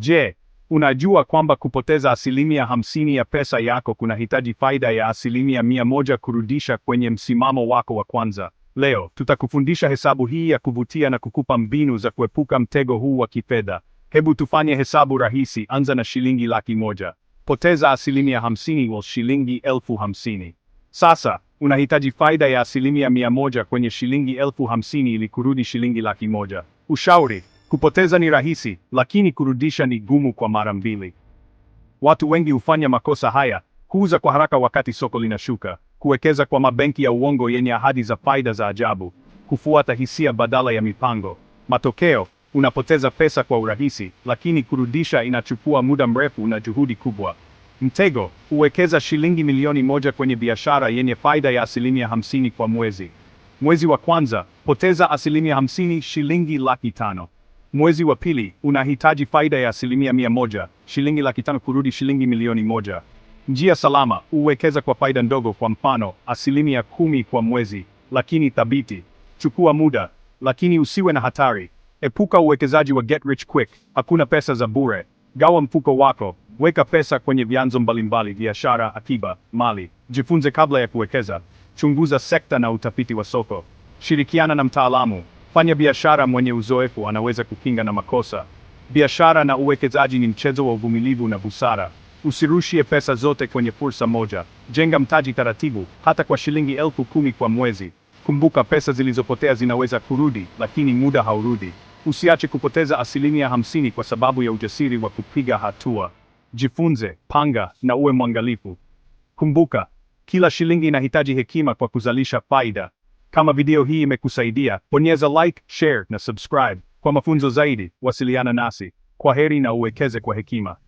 Je, unajua kwamba kupoteza asilimia hamsini ya pesa yako kunahitaji faida ya asilimia mia moja kurudisha kwenye msimamo wako wa kwanza? Leo tutakufundisha hesabu hii ya kuvutia na kukupa mbinu za kuepuka mtego huu wa kifedha. Hebu tufanye hesabu rahisi. Anza na shilingi laki moja. Poteza asilimia hamsini wa shilingi elfu hamsini. Sasa unahitaji faida ya asilimia mia moja kwenye shilingi elfu hamsini ili kurudi shilingi laki moja. Ushauri: Kupoteza ni rahisi, lakini kurudisha ni gumu kwa mara mbili. Watu wengi hufanya makosa haya: huuza kwa haraka wakati soko linashuka, kuwekeza kwa mabenki ya uongo yenye ahadi za faida za ajabu, kufuata hisia badala ya mipango. Matokeo, unapoteza pesa kwa urahisi, lakini kurudisha inachukua muda mrefu na juhudi kubwa. Mtego, huwekeza shilingi milioni moja kwenye biashara yenye faida ya asilimia hamsini kwa mwezi. Mwezi wa kwanza, poteza asilimia hamsini, shilingi laki tano. Mwezi wa pili unahitaji faida ya asilimia mia moja, shilingi laki tano kurudi shilingi milioni moja. Njia salama: uwekeza kwa faida ndogo, kwa mfano asilimia kumi kwa mwezi, lakini thabiti. Chukua muda, lakini usiwe na hatari. Epuka uwekezaji wa get rich quick, hakuna pesa za bure. Gawa mfuko wako, weka pesa kwenye vyanzo mbalimbali: biashara, akiba, mali. Jifunze kabla ya kuwekeza, chunguza sekta na utafiti wa soko, shirikiana na mtaalamu. Mfanya biashara mwenye uzoefu anaweza kukinga na makosa. Biashara na uwekezaji ni mchezo wa uvumilivu na busara. Usirushie pesa zote kwenye fursa moja. Jenga mtaji taratibu, hata kwa shilingi elfu kumi kwa mwezi. Kumbuka, pesa zilizopotea zinaweza kurudi, lakini muda haurudi. Usiache kupoteza asilimia hamsini kwa sababu ya ujasiri wa kupiga hatua. Jifunze, panga na uwe mwangalifu. Kumbuka, kila shilingi inahitaji hekima kwa kuzalisha faida. Kama video hii imekusaidia, bonyeza like, share na subscribe. Kwa mafunzo zaidi, wasiliana nasi. Kwa heri na uwekeze kwa hekima.